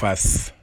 face